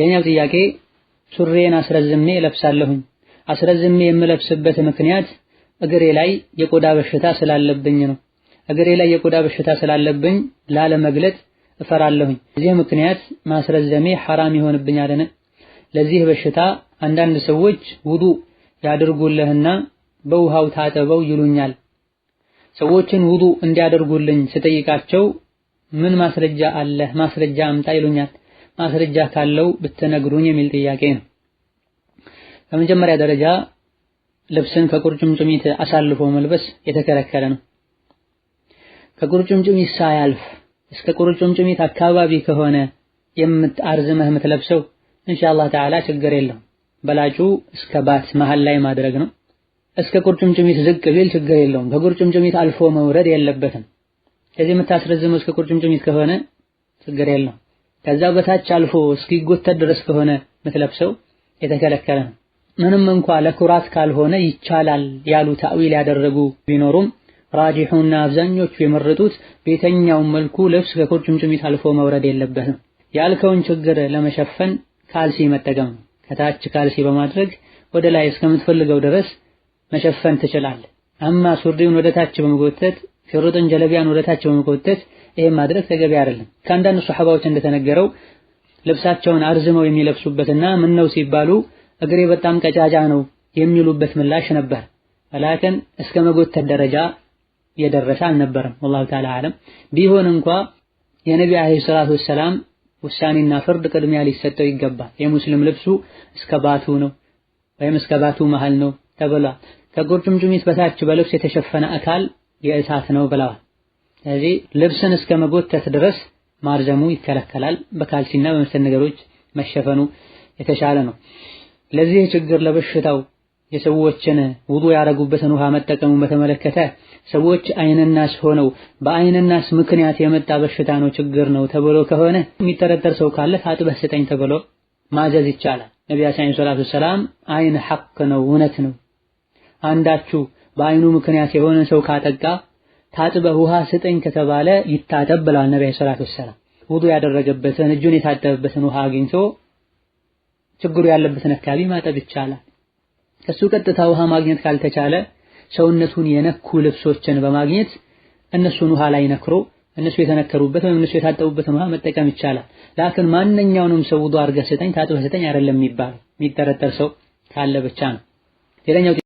የኛው ጥያቄ ሱሬን አስረዝሜ እለብሳለሁኝ። አስረዝሜ የምለብስበት ምክንያት እግሬ ላይ የቆዳ በሽታ ስላለብኝ ነው። እግሬ ላይ የቆዳ በሽታ ስላለብኝ ላለመግለጥ እፈራለሁኝ። በዚህ ምክንያት ማስረዘሜ ሐራም ይሆንብኛልን? ለዚህ በሽታ አንዳንድ ሰዎች ውዱ ያድርጉልህና በውሃው ታጠበው ይሉኛል። ሰዎችን ውዱ እንዲያደርጉልኝ ስጠይቃቸው ምን ማስረጃ አለ ማስረጃ አምጣ ይሉኛል። ማስረጃ ካለው ብትነግሩኝ የሚል ጥያቄ ነው። በመጀመሪያ ደረጃ ልብስን ከቁርጭምጭሚት አሳልፎ መልበስ የተከለከለ ነው። ከቁርጭምጭሚት ሳያልፍ እስከ ቁርጭምጭሚት አካባቢ ከሆነ የምትአርዝመህ የምትለብሰው ኢንሻአላህ ተዓላ ችግር የለውም። በላጩ እስከ ባት መሃል ላይ ማድረግ ነው። እስከ ቁርጭምጭሚት ዝቅ ቢል ችግር የለውም። ከቁርጭምጭሚት አልፎ መውረድ የለበትም። ከዚህ የምታስረዝመው እስከ ቁርጭምጭሚት ከሆነ ችግር የለውም። ከዛ በታች አልፎ እስኪጎተት ድረስ ከሆነ ምትለብሰው የተከለከለ ነው። ምንም እንኳ ለኩራት ካልሆነ ይቻላል ያሉ ታዊል ያደረጉ ቢኖሩም ራጂሑና አብዛኞቹ የመረጡት ቤተኛውን መልኩ ልብስ ከቁርጭምጭሚት አልፎ መውረድ የለበትም። ያልከውን ችግር ለመሸፈን ካልሲ መጠቀም ነው። ከታች ካልሲ በማድረግ ወደ ላይ እስከምትፈልገው ድረስ መሸፈን ትችላለህ። አማ ሱሪውን ወደ ታች በመጎተት ሽሩጥን ጀለቢያን ወደታች በመጎተት ይሄ ማድረግ ተገቢ አይደለም። ከአንዳንድ ሱሐባዎች እንደተነገረው ልብሳቸውን አርዝመው የሚለብሱበትና ምን ነው ሲባሉ እግሬ በጣም ቀጫጫ ነው የሚሉበት ምላሽ ነበር። ወላከን እስከ መጎተት ደረጃ የደረሰ አልነበረም። ወላሁ ተዓላ አለም። ቢሆን እንኳ የነቢ አለይሂ ሰላቱ ወሰላም ውሳኔና ፍርድ ቅድሚያ ሊሰጠው ይገባል። የሙስሊም ልብሱ እስከ ባቱ ነው ወይም እስከ ባቱ መሃል ነው ተብሏል። ከቁርጭምጭሚት በታች በልብስ የተሸፈነ አካል የእሳት ነው ብለዋል። ስለዚህ ልብስን እስከ መጎተት ድረስ ማርዘሙ ይከለከላል። በካልሲና በመሰል ነገሮች መሸፈኑ የተሻለ ነው። ለዚህ ችግር ለበሽታው የሰዎችን ውዱ ያደረጉበትን ውሃ መጠቀሙን በተመለከተ ሰዎች አይንናስ ሆነው በአይንናስ ምክንያት የመጣ በሽታ ነው ችግር ነው ተብሎ ከሆነ የሚጠረጠር ሰው ካለ ታጥበህ ስጠኝ ተብሎ ማዘዝ ይቻላል። ነቢያ ሰላቱ ሰላም አይን ሐቅ ነው እውነት ነው አንዳችሁ በአይኑ ምክንያት የሆነ ሰው ካጠቃ ታጥበህ ውሃ ስጠኝ ከተባለ ይታጠብ ብለዋል ነቢ ሰላት ወሰላም። ውዱ ያደረገበትን እጁን የታጠበበትን ውሃ አግኝቶ ችግሩ ያለበትን አካባቢ ማጠብ ይቻላል። ከሱ ቀጥታ ውሃ ማግኘት ካልተቻለ ሰውነቱን የነኩ ልብሶችን በማግኘት እነሱን ውሃ ላይ ነክሮ እነሱ የተነከሩበት ወይም እነሱ የታጠቡበትን ውሃ መጠቀም ይቻላል። ላክን ማንኛውንም ሰው ውዱ አድርገህ ስጠኝ፣ ታጥበህ ስጠኝ አይደለም የሚባል የሚጠረጠር ሰው ካለ ብቻ ነው። ሌላኛው